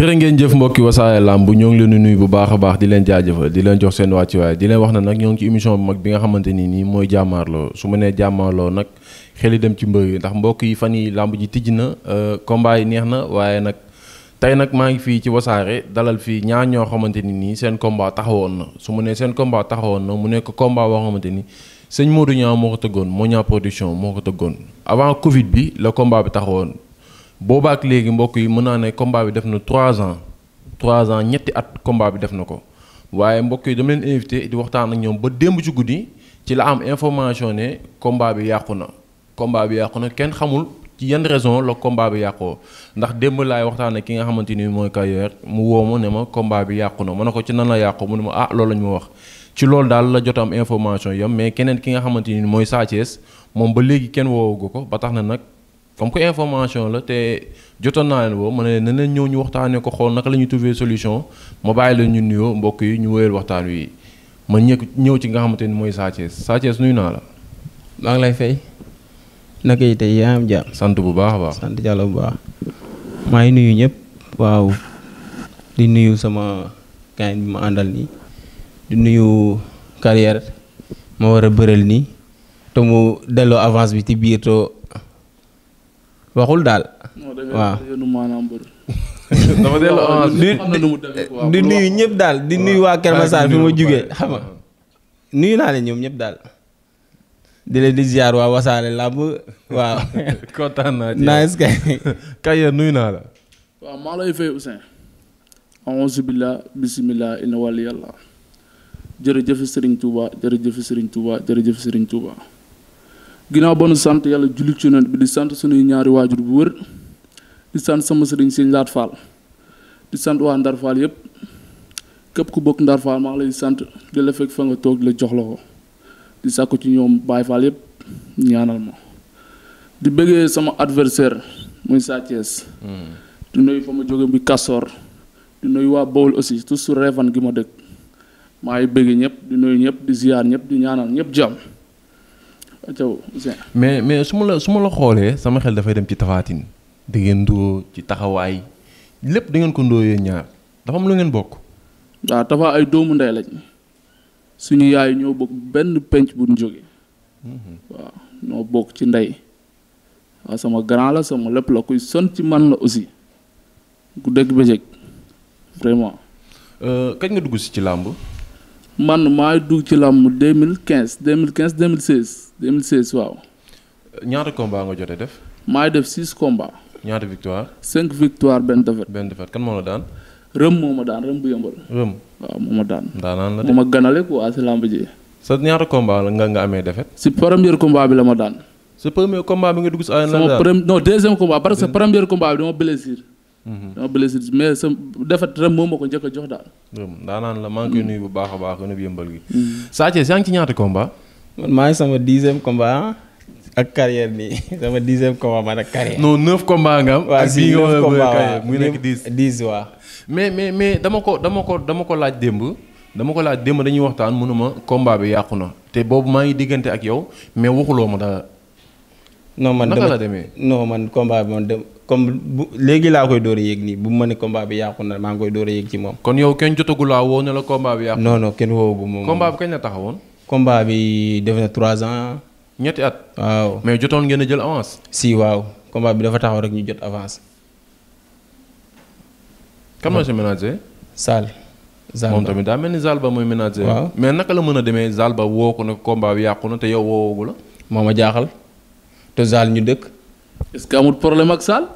jërë ngeen jëf mbokki wasaare làmb ñoo ngi leen di nuyu bu baax a baax di leen jaajëfal di leen jox seen wàcc waaye di leen wax na nag ñoo ngi ci émission bu mag bi nga xamante ni nii mooy jàmmaarloo su ma nee jàmmaarloo nag xel yi dem ci mbër yi ndax mbokk yi fan yi làmb ji tijji na euh, combat yi neex na waaye nag tey nag maa ngi fii ci wasaare dalal fii ñaar ñoo xamante ni nii seen combat taxawoon na su ma nee seen combat taxawoon na mu nekk combat boo xamante ni sëñ Modou Niang moo ko tëggoon moo ñaa production moo ko tëggoon avant Covid bi la combat bi taxawoon boobaak léegi mbokk yi mën naa ne combat bi def na trois ans trois ans ñetti at combat bi def na ko waaye mbokk yi dama leen invité di waxtaan ak ñoom ba démb ci guddi ci la am information ne combat bi yàqu na combat bi yàqu na kenn xamul ci yan raison la combat bi yàqoo ndax démb laay waxtaan ak ki nga xamante ni mooy Kayoor mu woo ma ne ma combat bi yàqu na mu ne ko ci nan la yàqu mu ne ma ah loolu lañ ma wax ci loolu daal la jot am information yam mais keneen ki nga xamante ni mooy Sa moom ba léegi kenn woowagu ko ba tax na nag comme que information la te jotoon naa leen boo ma ne na leen ñëw ñu waxtaanee ko xool naka la ñuy trouver solution ma bàyyi la ñu nuyoo mbokk yi ñu wéyal waxtaan wi ma ñëkk ñëw ci nga xamante ni mooy Sa Thiès Sa Thiès nuyu naa la. maa ngi lay fay. naka yi tey yaa am sant bu baax a baax sant yàlla bu baax. maa ngi nuyu ñëpp. waaw di nuyu sama gaay bi ma àndal nii. di nuyu carrière ma war a bëral nii. te mu delloo avance bi ci biir to waxul daal. waaw di nuyu ñëpp daal di nuyu waa Kër Masar fi ma jugee xam nuyu naa leen ñoom ñëpp daal. di leen di ziar waa wasaare làmb waaw. nice kay. nuyu naa la. waaw maa lay fay Ousseyn. auzu billah bismillah inna yàlla. jërëjëf Serigne Touba jërëjëf Serigne Touba jërëjëf Serigne Touba. ginnaaw ba nu sant yàlla jullit ci yonent bi di sant suñuy ñaari waajur bu wër di sant sama sëriñ si Laat Fall di sant waa Ndar Fall yëpp képp ku bokk Ndar Fall maa lay sant di la fekk fa nga toog la jox la ko di sàkku ci ñoom Baay Fall yëpp ñaanal ma di bëggee sama adversaire muy Sa hmm. di noy fa ma jóge bi Kasoor di nuyu waa Bawol aussi toujours Réfane gi ma dëkk maa ngi bëgg ñëpp di nuyu ñëpp di ziar ñëpp di ñaanal ñëpp jàmm mais mais su ma la su ma la xoolee sama xel dafay dem ci tafaatin da ngeen ndoo ci taxawaay lépp da ngeen ko ndoo ñaar dafa am la ngeen bokk. waaw Tafa ay doomu ndey lañ suñu yaay ñoo bokk benn penc bu ñu jógee. Mhm. waaw bokk ci ndey sama grand la sama lépp la kuy son ci man la aussi ku dëgg bëccëg vraiment. Euh, kañ nga dugg si ci làmb. man maa dugg ci làmb 2015 2015 2016 2016 waaw. ñaata combat nga jotee def. maa ngi def six combats. ñaata victoire. cinq victoire benn défaite. benn défaite kan moo la daan. rëm moo ma daan rëm bu yëmbal. rëm waaw moo ma daan. daanaan la de moo ma ganale quoi si làmb ji. sa ñaata combat la nga nga amee défaite. si premier combat bi la ma daan. sa premier combat bi nga dugg si. arène la daan sama deuxième combat parce que sa premier bi dama Mhm. dama blessé mais sa defet rem moom moo ko njëkk jox daal. daanaan la maa koy mhm. nuyu bu baax a baax gën a yëmbal gi. Mhm. Sa Thiès yaa ngi ci ñaata combat. man maa ngi sama dixième combat ak carrière bi sama dixième combat man ak carrière. non neuf combat nga am. mais mais mais dama ko dama ko dama ko laaj démb. dama ko laaj démb dañuy waxtaan mënuma combat bi yàqu na te boobu maa ngi diggante ak yow mais waxuloo ma dara. non man dama naka man combat bi man dem comme bu léegi laa koy door a yéeg nii bu ma ne combat bi yàqu na maa ngi koy door a yéeg ci moom. kon yow kenn jotagulaa woo na la combat bi yàqu. non kenn woowu bu moom. taxawoon. combat bi def na trois ans. ñetti at. waaw mais jotoon ngeen a jël avance. si waaw combat bi dafa taxaw rek ñu jot avance. kan mooy sa ménager. Sall. moom tamit daa mel ni Zalba mooy ménager. waaw mais naka la mën a demee Zalba woo ko ne combat bi yàqu na te yow woowoogu la. moo jaaxal te Zal ñu dëkk. est que amul problème ak Sall.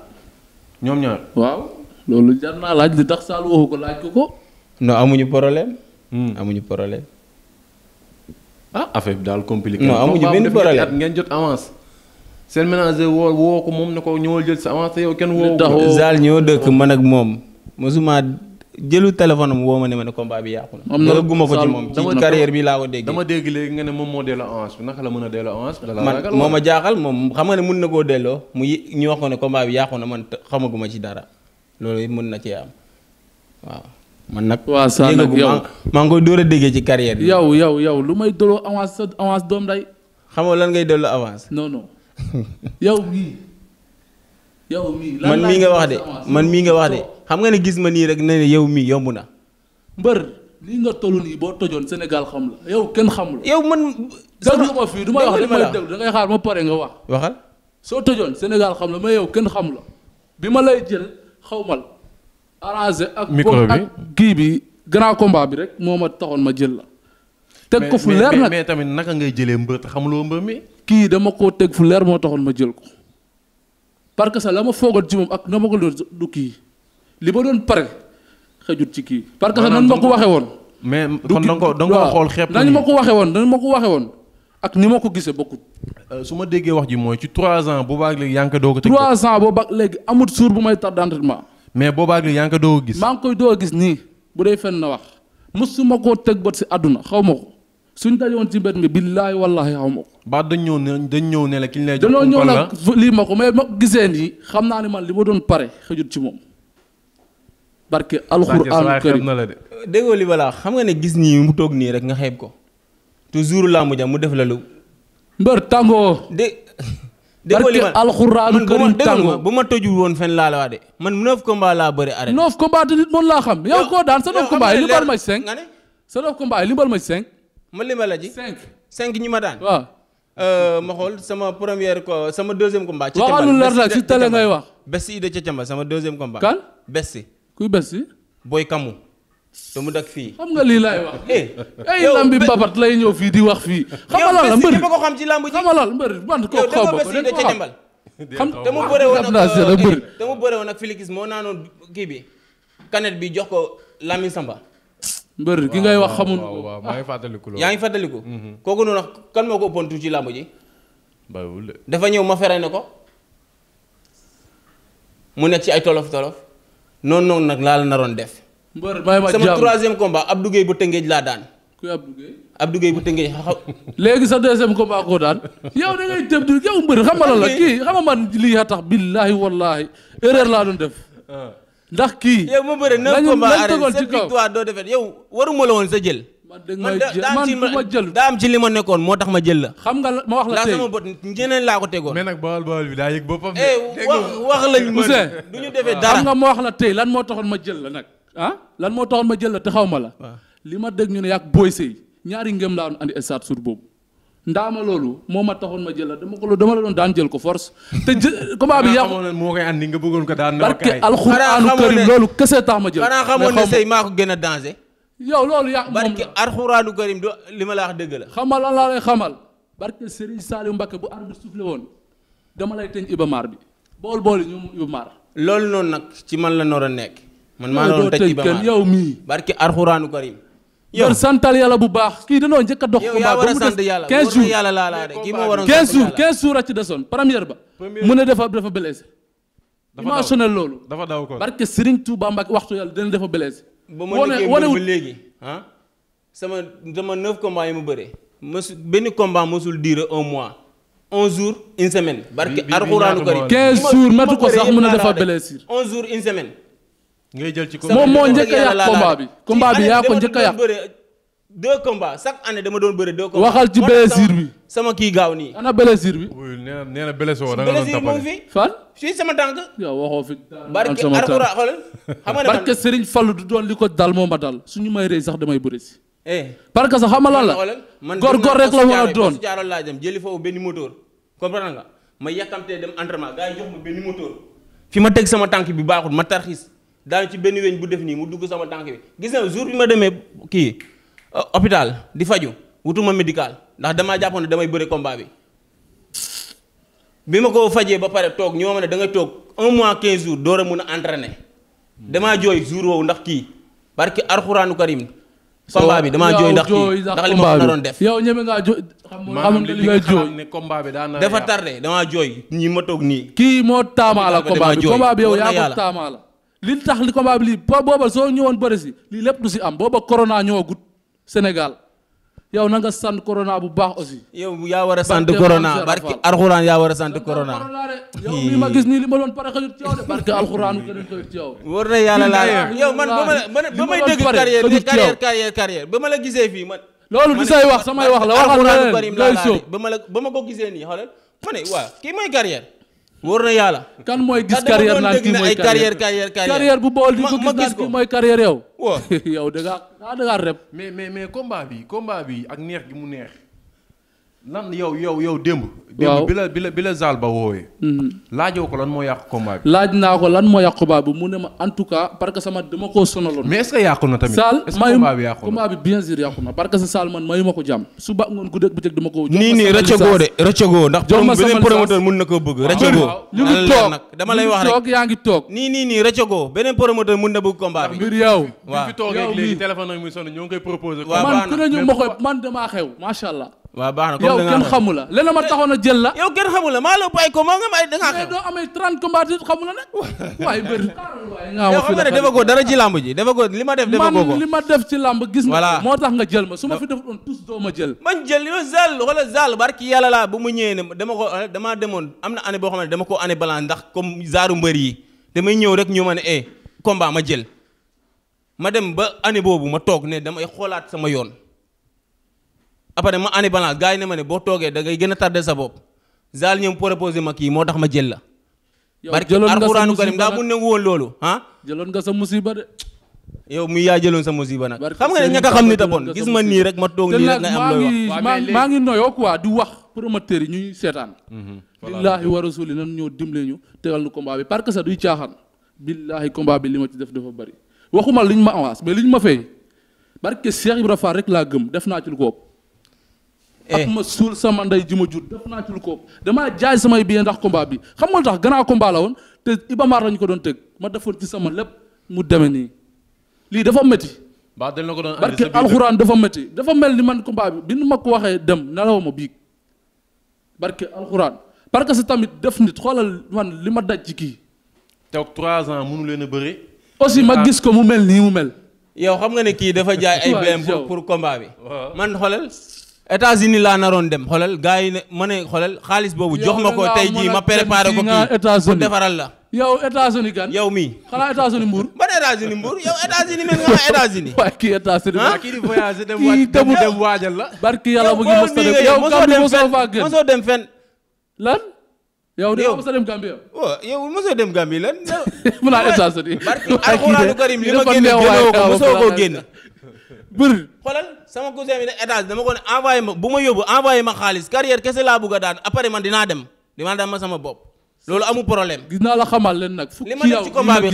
ñoom ñaar waaw loolu jar naa laaj li tax Sall waxu ko laaj ko ko. no amuñu problème. Hmm. amuñu problème. ah affaire bi daal compliqué. non amuñu benn problème ngeen jot avance. seen ménager woo woo ko moom ne ko ñëwal jël sa avance te yow kenn woo. taxul Zal ñoo dëkk man ak moom mosuma. jëlu téléphone am woo ma ne ma ne combat bi yàqu na. moom guma ko ci moom ci carrière bi laa ko déggee. dama dégg léegi la mën a delloo avance. ma na koo delloo mu ñu wax ko ne combat ci dara loolu it mën na a sa avance doom day. xam nga lan ngay delloo avance. non non yow mii. yow mii lan man mii nga wax de man mii nga wax de. xam nga ne gis ma nii rek ne ne yow mii yomb na. mbër lii nga toll nii boo tojoon Sénégal xam la yow kenn xamul. yow man. dëgg ma fii da ngay xaar ma pare nga wax. waxal soo tojoon Sénégal xam la mais yow kenn xam la bi ma lay jël xaw ma la. ak micro bi ak kii bi grand combat bi rek moo ma taxoon ma jël la. teg ko fu leer nag mais tamit naka ngay jëlee mbër te xamuloo mbër mi. kii dama koo teg fu leer moo taxoon ma jël ko parce que sax la ma foogoon ci moom ak na ma ko doon du kii. li ma doon pare xëjut ci kii. parce que nan ma ko waxee woon. mais kon da nga ko da nga ko xool xepp. nañ ma ko waxee woon nañ ma ko waxee woon ak ni ma ko gisee bokkut. Euh, su ma déggee wax ji mooy ci 3 ans boobaag léegi yaa ngi ko doog a. teg 3 léegi amut suur bu may tardé entraînement. mais boobaag léegi yaa doo ko doog a gis. maa koy doog gis nii bu dee fen na wax mu mosuma koo teg bët si àdduna xaw ma ko. suñ dajoon ci mbedd mi billaahi wallaahi xaw ma ko. ba dañ ñëw ne dañ ñëw ne la ki ñu lay jox dañoo ñëw nag lii ma ko mais ma gisee nii xam naa ne man li ma doon pare xëjut ci moom. barke alxuraan karim déggoo li balaa xam nga ne gis nii mu toog nii rek nga xeeb ko toujours làmb ja mu def la lu mbër tàngoo de déggoo li balaa alxuraan karim tàngoo bu ma tojul woon fen laa la waa de man neuf combat laa bëri arrêté neuf combat te nit moom laa xam yow koo daan sa neuf combat yi li mbal ma ci cinq sa neuf combat yi li mbal ma ci cinq ma limbal la ji cinq cinq ñi ma daan waaw euh, ma xool sama première ko sama deuxième combat waxal lu leer nag si télé ngay wax Bessi Idda ca Camba sama deuxième combat kan Bessi kuy bés si. booy kamu. te mu dëkk fii. xam nga lii laay wax. Eh. ay lambi babat lay ñëw fii di wax fii. xam nga loolu mbër ko xam ci làmb ji. xam nga loolu mbër man kooku xaw ko xam. te mu bëre euh, woon ak te mu bëre woon moo naanoon kii bi kanet bi jox ko Lamine Samba. mbër ki ngay wax xamuñu ko waaw maa yaa ngi fàttaliku. Mhm. kooku noonu kan moo ko ëppoon tuuti ci lamb ji. dafa ñëw ma fere ne ko. mu nekk ci ay tolof tolof noonu noonu nag laa naroon def. sama troisième combat Abdou Gueye bu Tëngéej laa daan. kuy Abdou Gueye. Abdou léegi sa deuxième combat koo daan yow da ngay tëb di yow mbër xam nga lan la kii xam nga man lii a tax billaahi wallaahi erreur laa doon def. Ah. ndax kii. yow ma bëre neuf combat arène sept victoire doo defet yow waruma la woon sa jël man daa am ci li ma nekkoon moo tax ma jël la. xam nga ma wax la tey eh, la tey lan moo taxoon ma jël la nag. Ah? lan moo taxoon ma jël la te xaw ma la. li ma dégg ñu ne yàgg booy sëy ñaari ngëm laa doon andi stade sur boobu. ndaama loolu moo ma taxoon ma jël la dama ko dama la doon daan jël ko force te jë combat bi yàqu moo koy andi nga bëggoon ko daan barke alxuraanu karim loolu kese tax ma jël xanaa xamoon ne sëy maa ko gën a danger yow loolu yàq moom la barki arxuraanu karim do li ma la wax dëgg la. xamal lan laa lay xamal barki Serigne Saliou Mbacke bu arbitre soufflé woon dama lay tënk Ibamar bi bool bool yi ñoom Ibamar. loolu noonu nag ci man la noor a nekk. man maa doon tëj Ibamar yow mii. barki arxuraanu karim. yow santal yàlla bu baax. kii danoo njëkk a dox. yow yaa war a sant yàlla 15 jours yàlla laa laa de kii moo a ci desoon première ba. mu ne dafa dafa blessé. dafa daw dafa daw loolu. dafa daw ko barki waxtu yàlla dina dafa blessé ba ma nekkee ba léegi ah sama sama neuf combats mu bëre mësu benn combat mësul durer un mois onze jours une semaine barke Alxuraanu Karim quinze jours matu ko sax mën a dafa blessure un jours une semaine ngay jël ci moom moo njëkk a yàq bi combat bi yaa ko njëkk a deux combats chaque année dama doon bëre deux combats waxal ci blessure bi sama kii gaaw nii. ana blessure bi. wuyu nee na nee na da nga doon fi. fan fii sama tànk. doon li ko dal moo ma dal suñu may sax damay bëre si. Eh. parce que sax xam nga man góor góor rek la war a doon jaarol laa dem jëli foofu benn moteur. comprendre nga ma yàkkamtee dem entraînement gars yi jox ma teg sama tànk bi baaxul ma tarxiis daanu ci benn weñ bu def nii mu dugg sama tànk bi gis nga jour bi ma demee kii hôpital di faju wutuma médical ndax damaa jàppoon damay bëri combat bi bi ma ko fajee ba pare toog ñoo ma ne da nga toog un mois quinze jours door a mun a entraîner damaa jooy ndax kii barki arxuraanu karim combat bi damaa jooy ndax kii ndax li ma naroon def yow ñeme ngaa jooy xam li nga dafa tardé damaa jooy ñi ma toog nii kii moo taamaa la bi combat bi yow yaa ko taamaa la li tax li combat bi lii booba soo ñëwoon bëri si lii lépp si am booba corona ñëwagut Sénégal yow na nga sant corona bu baax aussi. yow yaa war a sant corona barki alxuraan yaa war sant corona. yow gis nii li ma doon pare xëyut ci yow de barki alxuraan gën a xëyut ci yow. war na man ba ma la ba may dëgg carrière carrière carrière carrière ma la gisee fii man. loolu du say wax samay wax la waxal leneen day ba ma la ba ma ko gisee nii xoolal wóor na yàlla. kan mooy gis carrière naan kii mooy carrière carrière bu bool di ko gis naan kii mooy carrière yow. waaw yow mais mais mais combat bi combat bi ak neex gi mu neex. lan yow yow yow démb. waaw démb bi la bi la bi la zaal ba woowee. Mhm. laajoo ko lan moo yàq combat bi. laaj naa ko lan moo yàq combat bi mu ne ma en tout cas parce que sama dama koo sonaloon. mais est-ce que yàqu na tamit. Saal ma ko jàmm de rëccagoo ndax. beneen promoteur mun na koo bëgg. waaw wax rek yaa ngi toog. nii nii nii rëccagoo beneen promoteur mun na bëgg combat bi. mbir yow. waaw yow mii bi fi muy sonn ñoo koy proposé. man ku ne ñu ma koy man damaa xew macha allah waaw baax na yow kenn xamu la lenn ma taxoon a jël la. yow la maa la ay ko maa nga am ay da ngaa xam. la nag. waaye bëri. nga xam ne dafa ji dafa li ma def. dafa ko li ma def ci làmb gis nga. moo tax nga jël ma su ma fi def doon tous ma jël. man jël yow Zal wala Zal barki yàlla laa bu mu ñëwee ne dama ko eh, damaa demoon am na année boo xam ne dama ko année balaa ndax comme zaaru mbër yi damay ñëw rek ñu ma ne eh combat ma jël ma dem ba année boobu ma toog ne damay xoolaat sama yoon après ma ani balance gars yi ne ma ne boo toogee da gën a tardé sa bopp zaal ñoom proposé ma kii moo tax ma jël la. yow jëloon nga sa musiba alxuraanu karim daa mun ne woon ah? nga sa musiba de. yow mi yaa jëloon sa musiba nag. xam nga ne ñaka xam ni a bon gis ma nii rek ma toog nii ngay am looy wax maa ngi noyoo quoi di wax promoteur yi ñuy seetaan. Mhm. billaahi wa rasuli nan ñoo dimbale ñu tegal nu combat bi parce que sax duy caaxaan. billaahi combat bi li ma ci def dafa bëri waxuma ñu ma avance mais liñ ma fay barke Cheikh Ibra Fall rek laa gëm def naa ci lu Eh. ak ma suul sama ndey ji ma jur def naa ci lu ko damaa jaay samay billet ndax combat bi xam nga tax grand combat la woon te Iba Mar lañu ko doon tëgg ma defoon ci sama lépp mu demee nii lii dafa métti. ba dañ la ko doon barke dafa métti dafa mel ni man combat bi bi ma ko waxee dem nelaw ma biig barke alxuraan parce que tamit def xoolal man li ma daj kii. toog trois ans mënu leen a bëri. aussi ma gis ko mu mel nii mu mel. yow xam nga ne kii dafa jaay ay. pour pour combat bi. man xoolal États-Unis laa naroon dem xoolal gars yi ne ma ne xaalis boobu jox ma ko tey jii ma préparé ko kii pour yow États-Unis kan. yow mii xanaa États-Unis Mbour. ban États-Unis Mbour yow États-Unis mel kii États-Unis. ah kii dem waajal la. barki yàlla mu ngi dem yow Gambie mosoo faa gën mosoo dem fenn lan. yow de yow mosoo dem Gambie. waaw oh, yow mosoo dem Gambie lan. mun naa États-Unis. barki alxuraanu karim li ma génn génnoo ko mosoo koo génn. bër xoolal. sama cousin bi ne étage dama ko ne envoyé ma bu ma yóbbu envoyé ma xaalis carrière kese laa bëgg a daan après man dinaa dem dinaa dem ma sama bopp loolu amul problème. gis naa la xamal leen nag. li ma def ci combat bi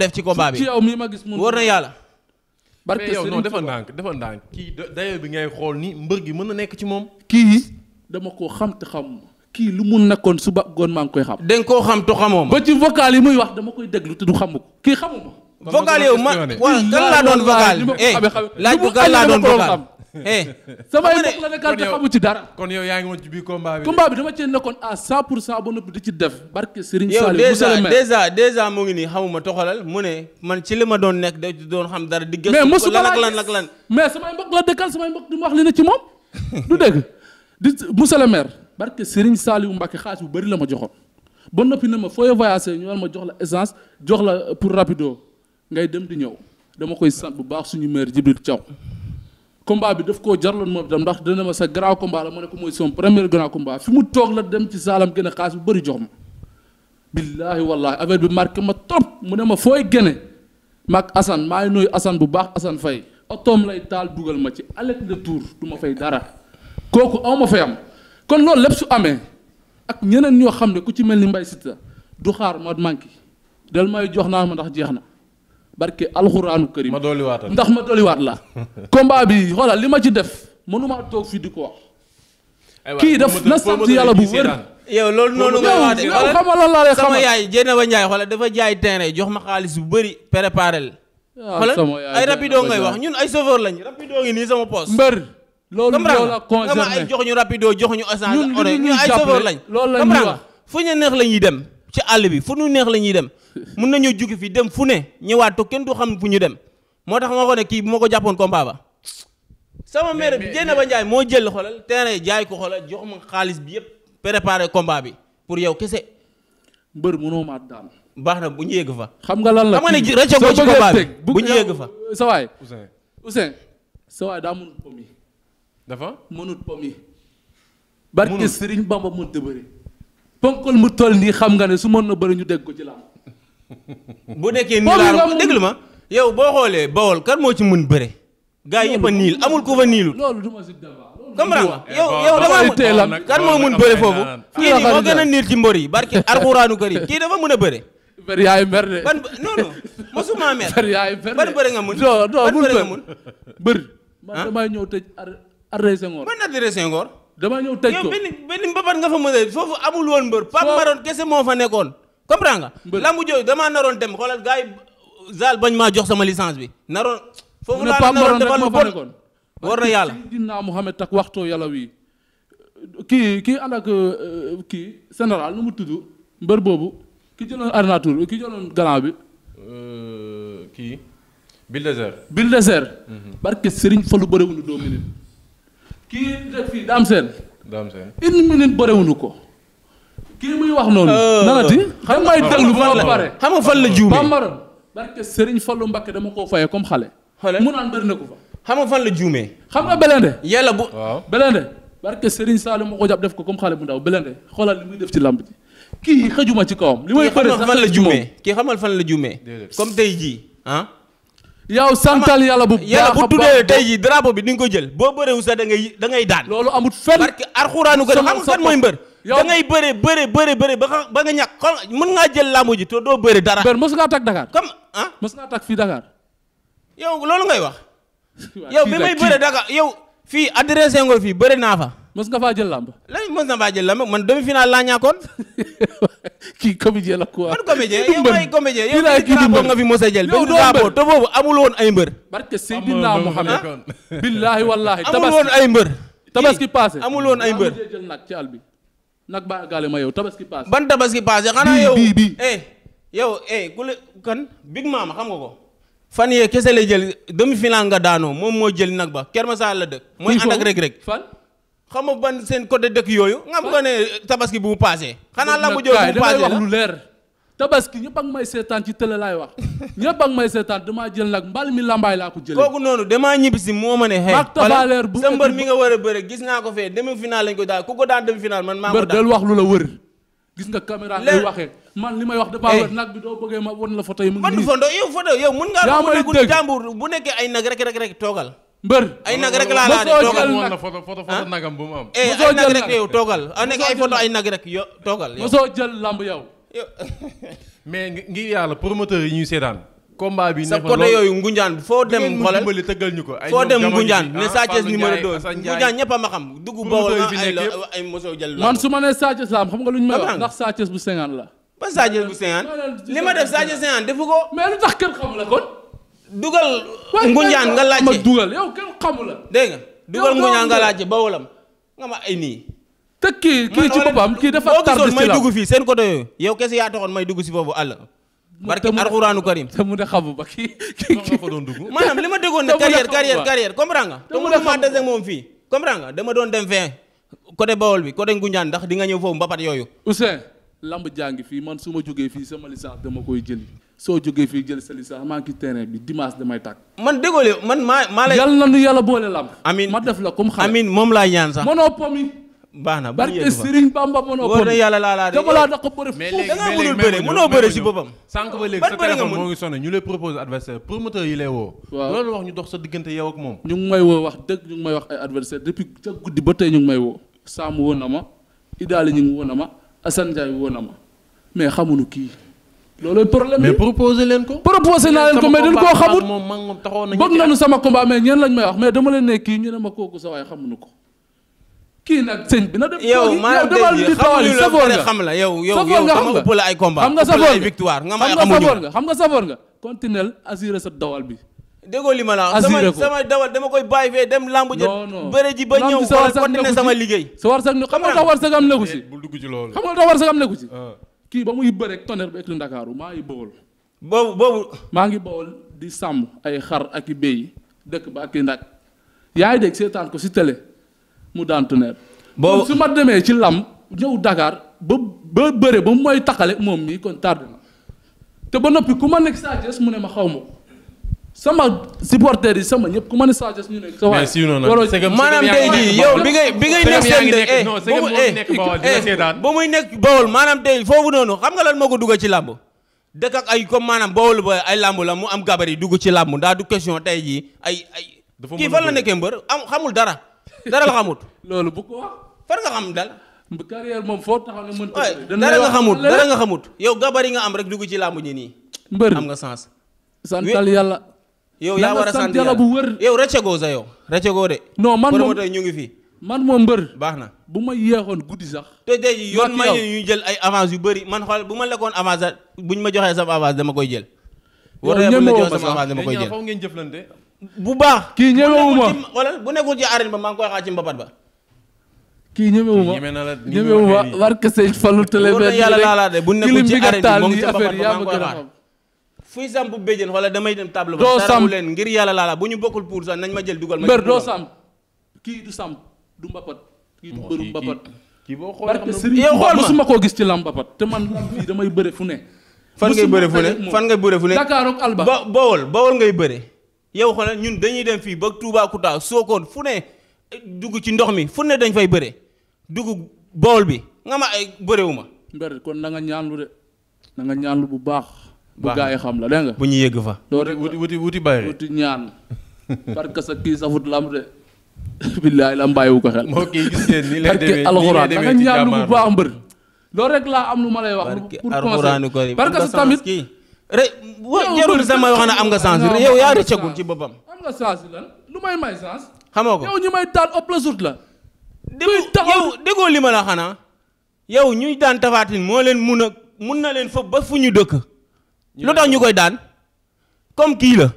def ci combat bi. ci yow mii ma gis mun war na yàlla. barke yow non defal ndànk defal ndànk kii dayoo bi ngay xool ni mbër gi mën na nekk ci moom. kii dama koo xam te xam kii lu mun nekkoon suba goon maa ngi koy xam. da koo xam te xamoo ma. ba ci vocal yi muy wax dama koy déglu te du xamu ko kii xamu ma vocal yow man waaw kan laa doon vocal. eh laaj ko laa doon vocal. eh mbokk la nekkal te xamu ci dara. kon yow yaa ngi woon ci biir combat bi. combat bi dama cee nekkoon à 100 pour 100 ba noppi di ci def. barke Serigne Saliou yow déjà déjà déjà mu ngi nii xamuma mu ne man li ma doon nekk da doon xam dara. di gëstu lan ak lan mais samay mbokk la dëkkal samay mbokk di ma wax li ne ci moom. du dégg di monsieur le maire. barke Serigne Saliou Mbacke xaalis bu bëri la ma joxoon. ba noppi na ma fooy voyager ñu ma jox la essence jox la pour rapido ngay dem di ñëw dama koy sant bu baax suñu maire Djibril caw combat bi daf koo jarloon moom itam ndax dana ma sa grand combat la ma ne ko mooy son premier grand combat fi mu toog la dem ci saalam gën a xaas bu bëri jox ma billaahi wallaahi affaire bi marqué ma trop mu ne ma fooy gene maag Assane maa ngi nuyu Assane bu baax Assane fay otoom lay taal dugal ma ci alet le tour du ma fay dara kooku aw ma fay am kon loolu lépp su amee ak ñeneen ñoo xam ne ku ci mel ni Mbaye Siteu du xaar ma manqué dal may jox naa ma ndax jeex na barke alxuraanu karim ma dolliwaat la ndax ma dolliwaat la combat bi xoolal li ma ci def mënumaa toog fii di ko wax. kii daf na bu loolu noonu nga wax de sama yaay Jéena ba Njaay xoolal dafa jaay terrain jox ma xaalis bu bëri préparé la. Ah, xoolal ay rapido ngay wax ñun ay chauffeur lañ rapido ngi nii sama poste. mbër loolu loolu la ay jox ñu rapido jox ñu essence. ñun ay chauffeur lañ. loolu la ñuy wax fu ñu neex la ñuy dem ci àll bi fu ñu neex la ñuy dem mun nañoo jóge fi dem fu ne ñëwaat toog kenn du xam fu ñu dem moo tax ma ko ne kii bu ma ko jàppoon combat ba. sama mère bi ba Ndiaye moo jël xoolal terrain jaay ko xoolal jox ma xaalis bi yëpp préparé combat bi pour yow kese. mbër mënoo baax na bu ñu fa. xam nga lan la xam nga ne rëcc ko ci combat bi bu ñu yegg fa. sa waay Ousseyn Ousseyn daa mënut pom yi. dafa mënut pom yi. barke Sëriñ Bamba mënut a bëri. ponkol mu toll nii xam nga ne su mën na bëri ñu dégg ko ci làmb bu nekkee nii laa déglu ma yow boo xoolee Bawol kan moo ci mën bëre. gaa yi yëpp a niil amul ku fa niilul. loolu du ma si comprendre nga eh, yow yow dafa mën eh, kan moo yi barki alxuraanu karim dafa mën a bëre. bëri yaayu mer de. ban non mer. bëri bëre nga mun bëri damay ñëw tëj adressé ngoor. man adressé ngoor. damay ñëw tëj ko yow benn benn mbapat nga fa mën foofu amul woon mbër Pape Maroon kese moo fa nekkoon comprends nga. lambu damaa naroon dem xoolal gars yi bañ maa jox sama licence bi naroon. foofu laa naroon defal lu bon war na kii kii euh, kii général mu tudd mbër boobu ki jëloon Arnatur ki jëloon galant bi. Euh, kii. Bulldozer. Bulldozer. Mhm. barke Serigne Fallou bëriwuñu deux minutes. kii def fii Dame une minute bëriwuñu ko. kii muy wax noonu. Euh, nanati xam nga déglu ba pare xam nga fan la juume bambaram barke Serigne Fallou Mbacké dama koo fayee comme xale. xale mu naan na ko fa. xam nga fan la juume. xam nga Belende. yàlla bu waaw Belende. barke Serigne Saliou ko jàpp def ko comme xale bu ndaw Belende xoolal li ci lamb ji kii xëjuma ci kawam. li may bëri sax fan la juume kii xamal fan la juume. comme tey jii ah. yow santal yàlla bu baax yàlla tey jii drapeau bi ni nga ko jël boo bëree wu sax da ngay da daan. loolu amut fenn parce que arxuraanu ko xam nga kan mooy mbër yow ngay bëre bëre bëre bëre ba nga ba nga ñàkk xool mën ngaa jël làmb ji te doo bëre dara. benn mos ngaa tag Dakar. comme ah mos ngaa tag fii Dakar. yow loolu ngay wax. yow bi may bëre Dakar yow. fii adressé nga fii bëre naa fa. mos nga faa jël làmb. léegi mos na faa jël làmb man demi final laa ñàkkoon. kii comédien la quoi. man comédien yow mooy comédien yow benn drapeau nga fi mos a jël. yow doo mbër te boobu amul woon ay mbër. barke Seydina Mohamed. billaahi wallaahi. amul woon ay mbër. tabaski paase amul woon ay mbër. jël bi nag baa gaale ma yow tabaski paase. ban tabaski paase xanaa yow bii bii eh yow eh ku la kan big maama xam nga ko. fan yee kese la jël demi final daanoo moom moo jël nag ba Keur saa la dëkk. mooy ànd ak rek rek fan. xam nga ban seen côté dëkk yooyu. nga bëgg ne tabaski bu mu paasee. xanaa lambu jooju bu mu paasee la leer. tabaski ñëpp may seetaan ci télé laay wax ñëpp ak may seetaan damaa jël nag mbal mi lambaay laa ko jëlee kooku noonu damaa ñibbi si moo ma ne xëy maag tabaleer bu sa mbër mi nga war a bëre gis naa ko fee demi final lañ ko daal ku ko daan demi final man maa ko daan wax la wër gis nga caméra man li may wax dafa wër nag bi doo bëggee ma won la photo yi mu ngi nii photo yow photo yow mun ngaa nekkul bu nekkee ay nag rek rek rek toogal mbër ay nag rek laa laa de toogal woon na photo photo ah. nagam bu mu am eh, mosoo jël nag yow toogal a ah, ay nag rek yo toogal mosoo jël lamb yow mais ngir yàlla promoteur yi ñuy seetaan. combat bi sa côté yooyu Ngunjaan foo dem. xoolal ngeen tëggal ñu ko. ay foo dem Ngunjaan ne Sa ah, Thiès numéro 2 Ngunjaan ñëpp xam. dugg Bawol ay ay Moso man su ma nee Sa Thiès xam nga lu ñu may ndax Sa bu 50 la. ba Sa bu 50 li ma def Sa Thiès 50 ko. mais lu tax kenn xamu la kon. dugal Ngunjaan nga laajte ma dugal yow kenn xamu la. dégg nga dugal Ngunjaan nga laajte Bawolam nga ma ay nii. te kii kii ci boppam kii dafa tardé ci la may dugg fii seen côté yooyu yow kese yaa taxoon may dugg si foofu àll. barke alxuraanu karim te mu de xamu ba kii kii kii fa doon dugg. maanaam li ma déggoon ne carrière doon dem fee. côté Bawol bi côté Ngunjaan ndax di nga ñëw foofu mbapat yooyu. Ousseyn lamb jàngi fii man su ma jógee fii sama licence dama koy jëli soo jógee fii jël sa licence maa ngi ci terrain bi dimanche damay tàkk. man déggoo man maa maa lay. yàlla na nu yàlla boole lamb. amiin ma def la comme xale. baax na barke Serigne Bamba mënoo ko yàlla laa laa mënoo bëri si boppam sànq ba léegi sa téléphone moo ngi sonné ñu lay propose adversaire promoteur yi lay woo waaw loolu wax ñu dox sa diggante yow ngi may ñu ngi may adversaire depuis ca guddi ba tey ñu may woo Sam woo na ma Idaali ñu ngi woo na ma Assane Ndiaye woo na ma mais xamuñu kii loolu problème mais proposé leen ko proposé naa leen ko mais dañ koo xamul bëgg nañu sama combat mais ñeen lañ may wax mais dama leen ne kii ñu ma kooku ko kii nag sëñ bi na dem. yow maanaam déedéet xamuñu la xam la yow yow yow dama ëppale ay combat xam nga safoor nga victoire nga may xamuñu nga xam nga safoor nga continuel assurer sa dawal bi. déggoo li ma la sama sama dawal dama koy bàyyi fee dem lamb ji bëre ji ba ñëw xool continuer sama liggéey. sa war sax xam nga tax war sax am nekku si. Eh, dugg ci loolu xam nga tax war sax am nekku si. Ah. kii ba muy bëre ak tonnerre bi maa ngi bawol. boobu boobu. maa ngi bawol di sàmm ay xar ak i béy dëkk ba ak i ndag yaa ngi dégg seetaan ko si télé mu daan Tonnerre. boobu su ma demee ci lamb ñëw dakaar ba ba bëre ba mooy taxale moom mii kon tardé na te ba noppi ku ma nekk Sa mu ne ma xaw ma ko sama supporter yi sama ñëpp ku ma ne Sa Thiès ñu ne. sa waay waroo si maanaam day bi ngay bi ngay nekk eh, eh, seen de ba muy nekk Bawol maanaam day foofu noonu xam nga lan moo ko dugg ci làmb dëkk ak ay comme maanaam Bawol ba ay làmb la mu am yi dugg ci làmb ndaa du question tey jii ay ay. kii fan la nekkee mbër am xamul dara. dara la xamut. loolu bu ko wax. far nga xam moom foo taxaw ne mën dara nga xamut dara nga xamut. yow gabari nga am rek dugg ci làmb ñi nii. mbër am nga sens. santal yàlla. yow yaa war a sant yàlla bu wër. yow rëccagoo sa yow rëccagoo de. non man moom ñu ngi fii man moom mbër. baax na bu ma yeexoon guddi sax. te tey yoon may ñu jël ay avance yu bëri man xool bu ma lekkoon avance ñu ma joxee sama avance dama koy jël. yow ñeme woo ma sax bu ma joxee sama avance dama koy jël. bu baax. kii ñemewuma wala bu nekkul ci arène ba maa ngi koy xaar ci mbapat ba. kii ñemewuma na la ñemewuma barke sëñ Fallou télé benn yàlla laa de bu nekkul ci arène bi moom damay dem table ba. leen ngir yàlla laa bu ñu bokkul pour sax nañ ma jël dugal ma. mbër doo samp kii du du mbapat. kii du mbëru boo xoolee su ma koo gis ci lamb mbapat te man fii damay bëre fu ne. fan ngay bëre fu ne fan ngay bëre fu ne. Dakar ak Alba. Bawol Bawol ngay bëre yow xoolal ñun dañuy dem fii ba soo Sokone fu ne eh, dugg ci ndox mi fu ne dañ fay bëre dugg bool bi nga ma ay bërewu ma. mbër kon na nga lu de na nga ñaanlu bu baax. bu gaa yi xam la dégg nga. bu ñu yëgg fa. loolu wuti wuti wuti bàyyi wuti ñaan. parce que sa kii safut la mbàyyiwu ko xel. moo kii gis ngeen nii lay demee alxuraan da bu baax mbër. loolu rek laa am lu ma lay wax. pour conseil parce que tamit. re jarul sama wax na am nga sens yow yaa rëccagul ci boppam. am nga sens lan lu may may sens. xamoo ko yow ñu may daan ëpp la sut la. muy yow déggoo li ma la xanaa. yow ñuy daan tafaatin moo leen mun a mun na leen foofu ba fu ñu dëkk. lu tax ñu koy daan comme kii la.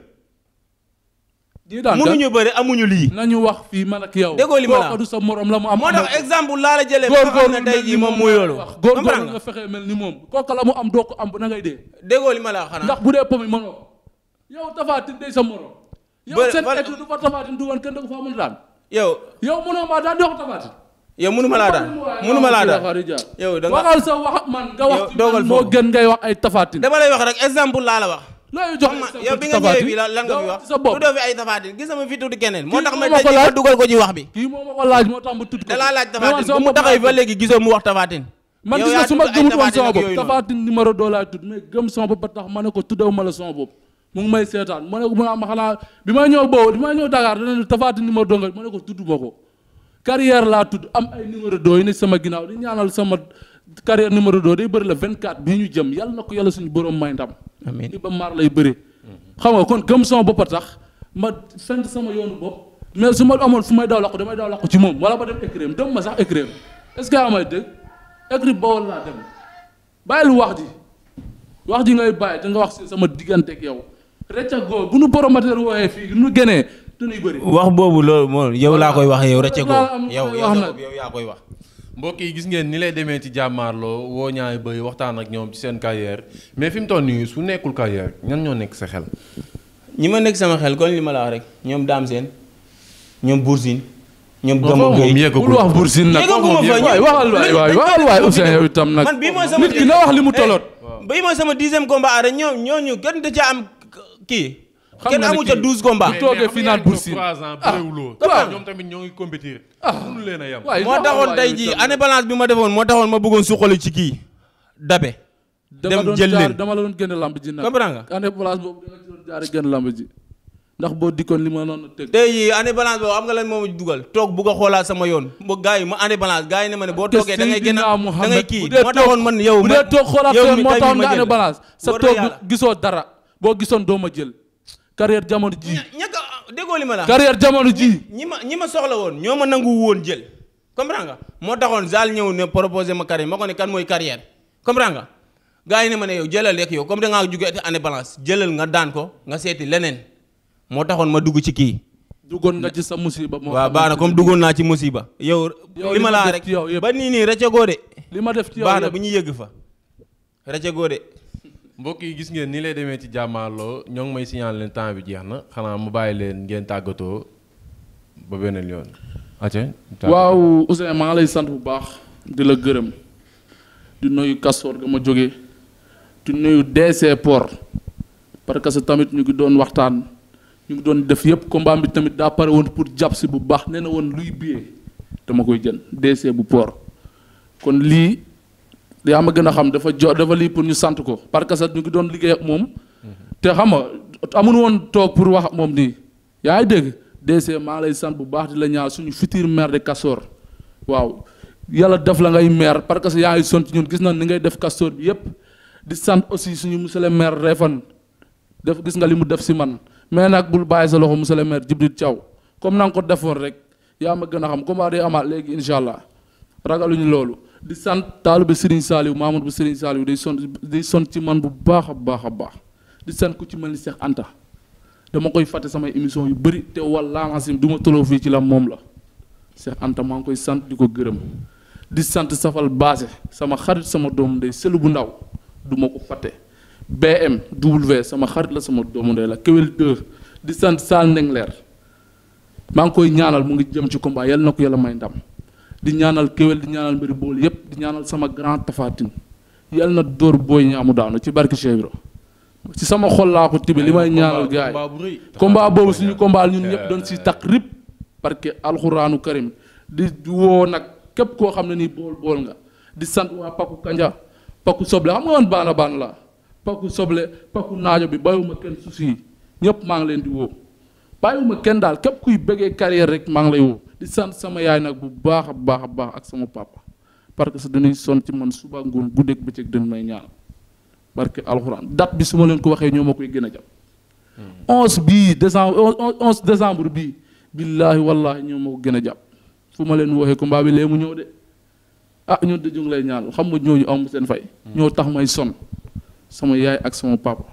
mënuñu bëri amuñu lii. nañu wax fii man a yow. déggoo li ma la du sa morom la mu am. moo tax exemple laa la jëlee. góorgóorlu moom mooy loolu. góorgóorlu nga fexe mel ni moom. kooku la mu am doo ko am na ngay déggoo li ma la xanaa. ndax bu dee yow tafaatin day sa morom. yow seen étu du fa tafaatin du woon kenn da ko fa mën daan. yow yow mënoo maa daan doo ko tafaatin. yow mënuma laa daan mënuma laa daan yow da nga waxal sa wax man nga wax. moo gën ngay wax ay tafaatin. dama lay wax rek exemple laa la wax looy jox yow bi nga ñëwee bi lan nga fi wax sa bopp tuddoo fi ay tafaatin gis sama fi tudd keneen moo tax ma tey ma ko laaj moo tax ma tudd ko da laa tax ma ne ko tuddaw ma la sama bopp mu ngi ma ne ko mu ma xanaa bi ma ñëw boobu bi ma doo nga ma ne ko tudd ma ko carrière laa tudd am ay numéro doo yi ne sama ginnaaw di ñaanal sama carrière numéro doo day bëri la 24 bii ñu jëm yàlla na ko yàlla suñu borom may ndam amiin Iba Mar lay bëre. xam nga kon gëm sama bopp a tax ma sant sama yoonu bopp mais su ma amoon fu may daw làqu damay daw làqu ci moom wala ba dem écréem dem ma sax écréem est-ce que amay dëgg écréem bawol laa dem bàyyil wax ji wax ji ngay bàyyi te nga wax sama diggante ak yow rëcc goo bu nu promoteur wooyee fii nu génnee du nuy bëri. wax boobu loolu moom yow laa koy wax yow rëcc goo yow yow yaa koy wax. mbokk yi gis ngeen ni lay demee ci jàmmaarloo woo ñaay bëy waxtaan ak ñoom ci seen carrière mais fi mu toll nii su nekkul carrière ñan ñoo nekk sa xel. ñi ma nekk sama xel kon li ma la rek ñoom Dame Sène ñoom Bour Sine. ñoom Gamou Gueye yéegagul wax Bour Sine nag waay waxal waay waxal nag nit na wax li mu eh, toloot. bii mooy sama dixième combat arène ñoom ñooñu gën da ca am kii. kenn amu ca douze combats. bu toogee fii naan Boursin moo taxoon tey jii année balance bi ma defoon moo taxoon ma bëggoon suqali ci kii dabe. dem jël leen dama la doon génne lamb ji nag. comprends nga année balance boobu dama doon jaare ji. ndax boo dikkoon li ma noonu teg. tey jii année balance boobu am nga lan moom dugal toog bu ko xoolaat sama yoon ba gars yi ma année balance gars yi ne ma ne boo toogee da ngay gën a da ngay kii moo taxoon man sa gisoo dara boo gisoon doo ma jël carrière jamono ji ñaka déggoo li ma la carrière jamono jii ñi ma ñi ma soxla woon ñoo ma nangu woon jël comprends nga moo taxoon Zal ñëw ne proposé ma carrière ma ko ne kan mooy carrière comprends nga gars yi ne ma ne yow jëlal rek yow comme da ngaa jóge ati année balance jëlal nga daan ko nga seeti leneen moo taxoon ma dugg ci kii duggoon nga ci sa musiba moo waaw baax na comme duggoon naa ci musiba yow li ma laa rek ba nii nii rëccagoo de li ma def ci yow baax na bu ñu yëgg fa rëccagoo de mbokk yi gis ngeen ni lay demee ci jàmmaarloo ñoo ngi may signaler leen temps bi jeex na xanaa mu bàyyi leen ngeen tàggatoo ba beneen yoon. atiwaat waaw Ousseyn lay sant bu baax di la gërëm di nuyu Castor ga ma jógee di nuyu DC Port parce que tamit ñu ngi doon waxtaan ñu ngi doon def yëpp combat bi tamit daa pare woon pour jàpp si bu baax nee na woon luy billet dama koy jënd DC bu Port kon lii. yaa ma gën a xam dafa jo dafa lii pour ñu sant ko parce que sax ñu ngi doon liggéey ak moom te xam nga amun woon toog pour wax moom nii yaa ngi dégg DC maa lay sant bu baax di la ñaar suñu futur maire de Castor waaw yàlla def la ngay maire parce que yaa son sont ñun gis nañ ni ngay def kastoor bi yëpp di sant aussi suñu monsieur le maire Réfane def gis nga li mu def si man mais nag bul bàyyi sa loxo monsieur le maire Djibril Thiaw comme na ko defoon rek yaa ma gën a xam comme day amaat léegi incha allah loolu. di sant taalibe Serigne Saliou Mamadou bu Serigne Saliou day son day son ci man bu baax a baax a baax di sant ko ci man ni Cheikh Anta dama koy fatte sama émission yu bëri te wallaahi asim du ma fii ci la moom la Cheikh Anta maa ngi koy sant di ko gërëm di sant safal baase sama xarit sama doomu ndey selu bu ndaw duma ma ko fàtte BM W sama xarit la sama doomu ndey la Kewel 2 di sant Sall Ndengler maa ngi koy ñaanal mu ngi jëm ci combat yal na ko yàlla may ndam. di ñaanal kéwél di ñaanal mbiri bool yëpp di ñaanal sama grand tafatin yal na dóor booy ñi amu daanu ci barki Cheikh ci sama xol laa ko tibi li may ñaanal gaay combat boobu suñu combat ñun ñëpp doon si takk rib parce que alxuraanu karim di woo nag képp koo xam ne nii bool bool nga di sant waa Paku Kanja Paku Soble xam nga woon baana baan laa Paku Soble Paku naajo bi bàyyiwuma kenn suuf si ñëpp maa ngi leen di woo. bàyyiwuma kenn daal képp kuy bëggee carrière rek maa ngi lay woo di sant sama yaay nag bu baax a baax a baax ak sama papa parce que sa dañuy sonn ci man suba ngoon guddeeg bëccëg dañ may ñaanal parce que alxuraan date bi su ma leen ko waxee ñoo ma koy gën a jàpp. 11 hmm. bii décembre 11 décembre bii billaahi wallaahi ñoo ma ko gën a jàpp fu ma leen waxee combat bi lee mu ñëw de ah ñun de ñu ngi lay ñaanal xam nga ñooñu ma seen fay. Hmm. ñoo tax may son sama yaay ak sama papa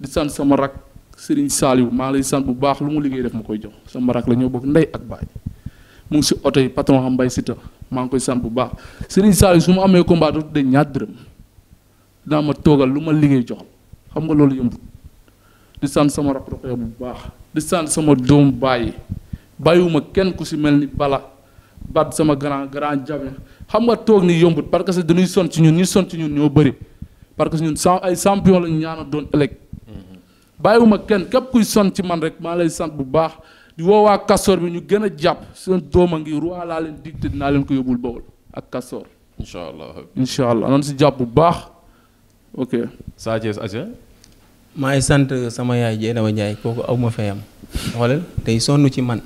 di sant sama rak. Serigne Saliou maa lay sant bu baax lu ma liggéey def ma koy jox sama rak la ñoo bokk ndey ak baay mu ngi si oto yi patron xam mbay si maa ngi koy sant bu baax Serigne Saliou su ma amee combat dootu de ñaar dërëm ma toogal lu ma liggéey jox xam nga loolu yëmbul di sant sama rak roxee bu baax di sant sama doom bàyyi bàyyiwuma kenn ku si mel ni bala bat sama grand grand jabe xam nga toog ni yombut parce que dañuy son ci ñun ñuy son ci ñun ñoo bëri parce que ñun ay champion lañu ñaana doon ëllëg mm-hmm. bàyyiwuma kenn képp kuy son ci man rek maa lay sant bu baax di woo waa Kastoor bi ñu gën a jàpp seen doom a ngi roi laa leen dig te dinaa leen ko yóbbul Bawol ak Kastoor. incha allah incha si jàpp bu baax ok. Sa Thiès Aja. maa ngi sant sama yaay Jeynaba Ndiaye kooku awma ma fayam xoolal tey sonn ci man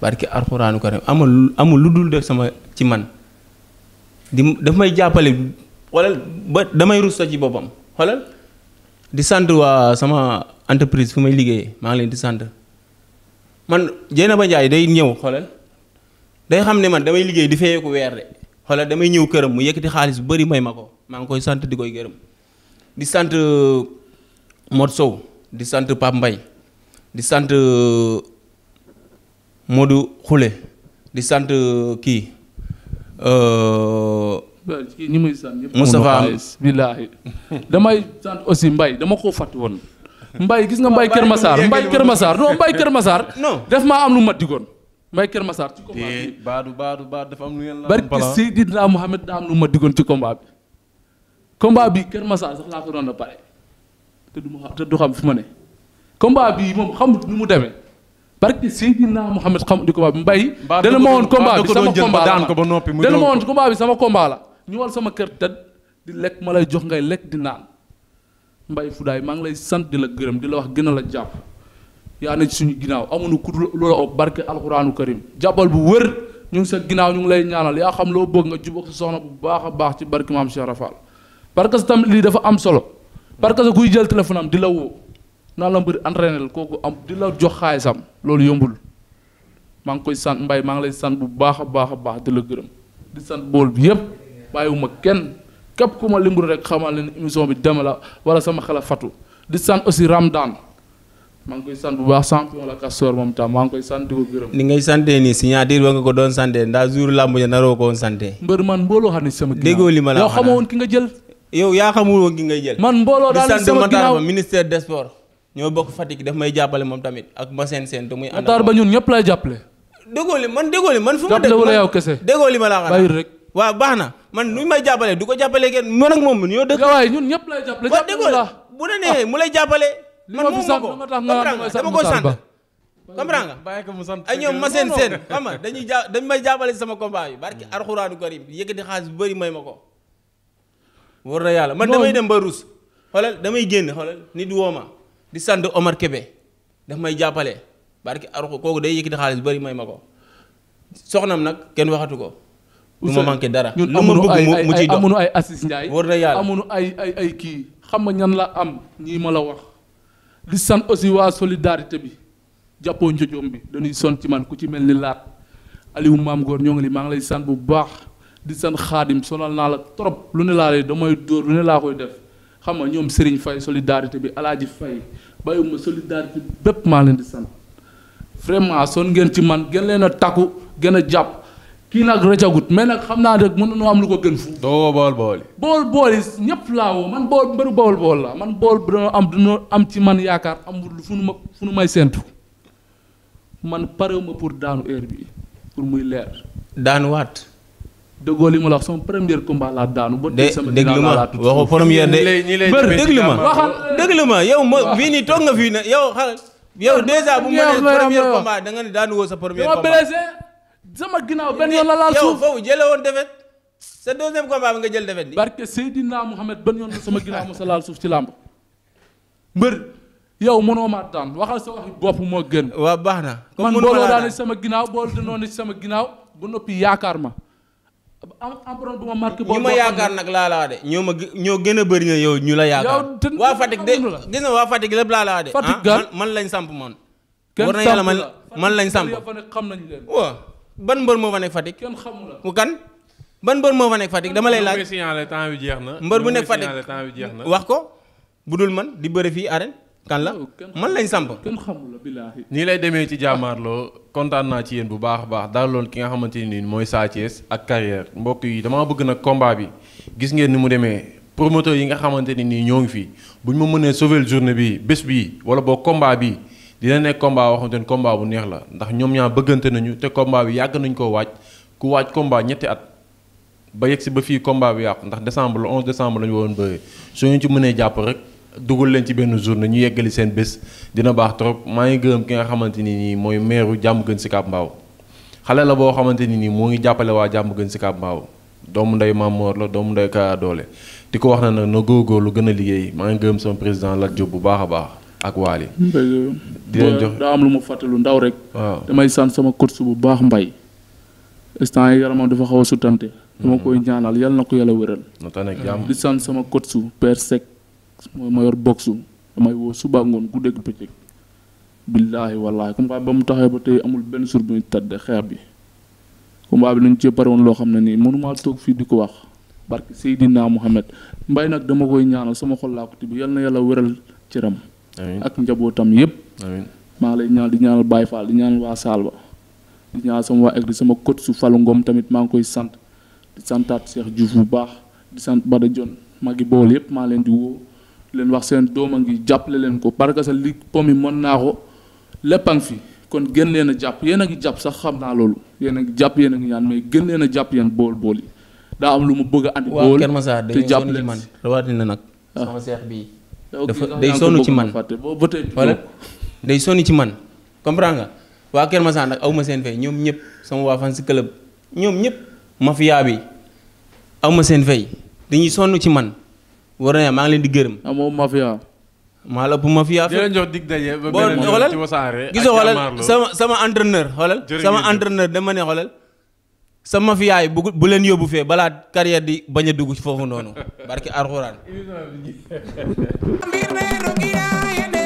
barki alxuraanu karim amul amul lu dul def sama ci man di daf may jàppale xoolal ba damay rus ci boppam xoolal. di sant waa sama entreprise fu may liggéeyee maa ngi leen di sant man Dieynaba Ndiaye day ñëw xoolal day xam ne man damay liggéey di feyeeku weer de xoolal damay ñëw këram mu yëkkati xaalis bu bëri may ma ko maa ngi koy sant di koy gërëm di sant euh, Modou Sow di sant Pape mbay di sant euh, Modou Khoule di sant euh, kii. ñi muy sant ñëpp. Moustapha billaahi damay sant aussi mbay dama koo fàtte woon. Mbaye gis nga Mbaye Kër Masar Mbaye Kër masaar non Mbaye Kër Masar. non am lu mat digoon. Mbaye Kër Masar ci combat baadu baadu baadu dafa am lu ngeen la. barki Seydina Mohamed daa am lu ma digoon ci combat bi. Kër Masar sax laa a pare te du ma te xam fu ma ne. combat bi moom xamut nu mu demee barki Seydina Mohamed xam di combat bi Mbaye. dana ma woon combat bi sama combat la dana ma woon combat bi sama combat la. ñëwal sama kër tëdd di lekk ma lay jox ngay lekk di naan mbay fudaay maa ngi lay sant di la gërëm di la wax gën a la jàpp yaa ne ci suñu ginnaaw amuñu ku loola o barke alxuraanu karim jàppal bu wër ñu ngi sa ginnaaw ñu ngi lay ñaanal yaa xam loo bëgg nga jubóog sa soxna baax baax ci barke maam Cheikh parce que tamit lii dafa am solo parce que kuy jël téléphone am di la woo naa la mbir entraîné la kooku am di la jox xaalisam loolu yombul maa ngi koy sant mbay maa ngi lay sant bu baax a baax a baax di la gërëm di sant bool bi yëpp bàyyiwuma kenn képp ku ma limbul rek xamal leen émission bi deme la wala sama xel a fatu di sant aussi Ramadan maa ngi koy sant bu baax champion la Castor moom tam maa ngi koy sant di ko gërëm. ni ngay santee nii signature ba nga ko doon santee ndax jour làmb ja naroo ko woon santee. mbër man mbooloo xam ne sama ginnaaw déggoo li ma la yow xamoo woon ki nga jël. yow yaa xamul woon ki ngay jël. man mbooloo daal di sama ginnaaw ministère des sports. ñoo bokk Fatick daf may jàppale moom tamit ak ma seen seen te muy. ànd ba ñun ñëpp lay jàppale. déggoo li man déggoo li man fu ma. dégg man jàppale wala yow kese. déggoo li ma la wax rek. waaw baax na man nu may jàppale du ko jàppale kenn man ak moom ñoo dëkk. waaye ñun ñëpp lay jàppale. jàppale la bu la nee mu lay jàppale. man moom ma ko comprendre nga dama ko sant. comprendre nga bàyyi ko mu sant ay ñoom ma seen seen xam nga dañuy ja dañ may jàppale sama combat yi barki alxuraanu karim yëkkati xaalis bu bëri may ma ko. war na yàlla man damay dem ba rus xoolal damay génn xoolal nit woo ma di sant Omar Kébé may jàppale barki alxu kooku day yëkkati xaalis bu bari may ma ko soxnam nag kenn waxatu ko. du ma manqué dara. lu ma bëgg mu ci ay Assis Ndiaye. war na yàlla ay ay ay kii xam nga ñan la am ñii ma la wax. di sant aussi waa solidarité bi jàppoo njojoom bi dañuy son ci man ku ci mel ni laat Aliou maam goor ñoo ngi li maa ngi lay sant bu baax di san xaadim sonal naa la trop lu ne laa lay damay dóor lu ne laa koy def xam nga ñoom Serigne Faye solidarité bi Alaaji Faye bàyyiwuma solidarité bépp maa leen di san vraiment son ngeen ci man gën leen a takku gën a jàpp. kii nag rëccagut mais nag xam naa rek mën nañoo am lu ko gën fu. doo bool bool. bool bool yi ñëpp laa woo man bool mbëru bool bool la man am dañoo am ci man yaakaar amul fu ma fu nu may séntu man parewu pour daanu heure bi pour muy leer. daanuwaat. dëggoo li ma la wax sama premier laa daanu. ba tey sama déglu ma waxu premier de. ñi lay déglu ma waxal déglu ma yow ma fii nii toog nga fii ne yow xal yow dèjà bu ma nee premier combat da ne daanu woo sama ginnaaw benn yoon la laal suuf jëlee woon defet sa deuxième combat bi nga jël defet bi. barke Seydina Mohamed benn yoon la sama ginnaaw mos a suuf ci làmb mbër yow mënoo maa daan waxal sa waxi bopp moo gën. waa baax na. man boo daanee sama ginnaaw boo dënoo ne sama ginnaaw ba noppi yaakaar ma. am empreinte bu ma marqué. boo ma yaakaar nag laa laa de ñoo ma ñoo gën a bëri na yow ñu la yaakaar. yow waa Fatick de gis nga waa Fatick lépp laa laa de. Fatick ah, man lañ samp man. kenn samp yàlla man man lañ samp. waaw. ban mbër moo fa nekk Fatick. kenn xamul mu kan. ban mbër moo fa nekk Fatick dama lay laaj. temps bi jeex na. mbër bu nekk Fatick wax ko. bu dul man di bëre fii arène. kan la man lañ samp kenn xamul la billaahi nii lay demee ci jàmmaarloo kontaan naa ci yéen bu baax a baax daal loolu ki nga xamante nii mooy Sa Thiès ak carrière mbokk yi damaa bëgg nag combat bi gis ngeen ni mu demee promoteur yi nga xamante ni nii ñoo ngi fii bu ñu ma mënee sovel journée bi bés bii wala boo combat bi dina nekk combat boo xamante ne combat bu neex la ndax ñoom ñaa bëggante nañu te combat bi yàgg nañu koo waaj ku waaj combat ñetti at ba yegg si ba fii combat bi yàqu ndax décembre le 11 décembre la ñu waroon bëree su ñu ci mënee jàpp rek dugal leen ci benn journée ñu yeggali seen bés dina baax trop maa ngi gërëm ki nga xamante ni nii mooy meeru jàmm gën si Kab Mbaaw xale la boo xamante ni nii moo ngi jàppale waa jàmm gën si Kab Mbaaw doomu ndey Mamor la doomu ndey Doole di ko wax na nag na góorgóorlu gën a liggéey maa ngi gërëm sama président Lat Diop bu baax baax ak Waly. daa am lu ma fàttali lu ndaw rek. damay sant sama coach bu baax mbay instant yi yaramam dafa xaw a sutante. dama mm-hmm. koy ñaanal yal na ko yàlla wéral. di sant sama coach su père sec mooy ma yor damay woo suba ngoon guddeeg bëccëg. billaahi wallaahi combat ba mu taxee ba tey amul benn sur bu ñu tàddee xeex bi combat bi nañ cee pare woon loo xam ne nii mënumaa toog fii di ko wax barke Seydina Mohamed mbay nag dama koy ñaanal sama xol bi ko tibb yàlla wéral cëram ak njabootam yëpp. maa ngi lay ñaanal di ñaanal Baye Fall di ñaan waa Salba di ñaanal sama waa egg di sama coach su Fallou Ngom tamit maa ngi koy sant di santaat Cheikh Diouf bu baax di sant Bada jon maa ngi bool yëpp maa leen di woo leen wax seen doom a ngi jàppale leen ko parce que sa li pomme yi mën naa ko lépp a ngi fi kon gën leen a jàpp yéen a ngi jàpp sax xam naa loolu yéen a ngi jàpp yéen a ngi ñaan mais gën leen a jàpp yéen bool bool yi daa am lu mu bëgg a andi. bool te jàpp leen waaw Kër Massar dañuy sonn ci man dafa day sonn ci man wala day sonn ci man comprendre nga waa Kër ma nag aw ma seen fay ñoom ñëpp sama waa fan si club ñoom ñëpp mafia bi aw ma seen fay dañuy sonn ci man war na maa ngi leen di gërëm. amoo mafia. maa la ëpp mafia. di leen jox dig daje ba beneen ci Wassare gisoo xoolal sama sama entraîneur sama entraîneur dama ne xoolal sama mafia yi bu leen yóbbu fee balaa carrière di bañ a dugg ci foofu noonu barki alxuraan